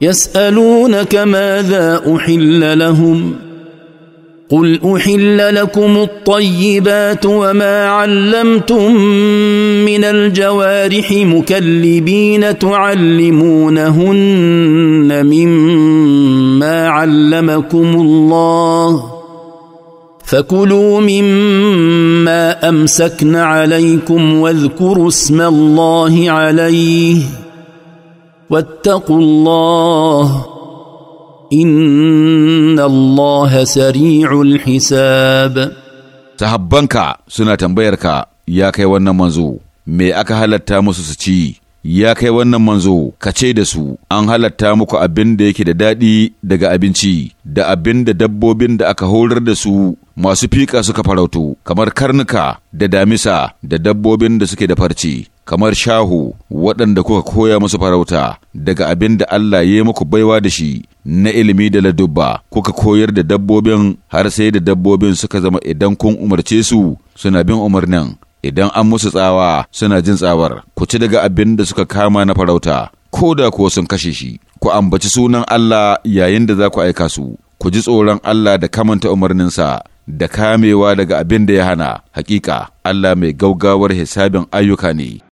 يسالونك ماذا احل لهم قل احل لكم الطيبات وما علمتم من الجوارح مكلبين تعلمونهن مما علمكم الله فكلوا مما امسكن عليكم واذكروا اسم الله عليه واتقوا الله ان الله سريع sahabbanka suna tambayarka ya kai wannan manzo me aka halatta musu su ci ya kai wannan manzo ka ce da su an halatta muku abinda yake da daɗi daga abinci da abinda dabbobin da aka horar da su masu fiƙa suka farautu kamar karnuka da damisa da dabbobin da suke da farci kamar shahu waɗanda kuka koya musu farauta daga abin da Allah ya yi muku baiwa da shi na ilimi da ladubba kuka koyar da dabbobin har sai da dabbobin suka zama idan kun umarce su suna bin umarnin idan an musu tsawa suna jin tsawar ku ci daga abin da suka kama na farauta ko da kuwa sun kashe shi ku ambaci sunan Allah yayin da za ku aika su ku ji tsoron Allah da kamanta umarninsa da kamewa daga abin da ya hana hakika Allah mai gaugawar hisabin ayyuka ne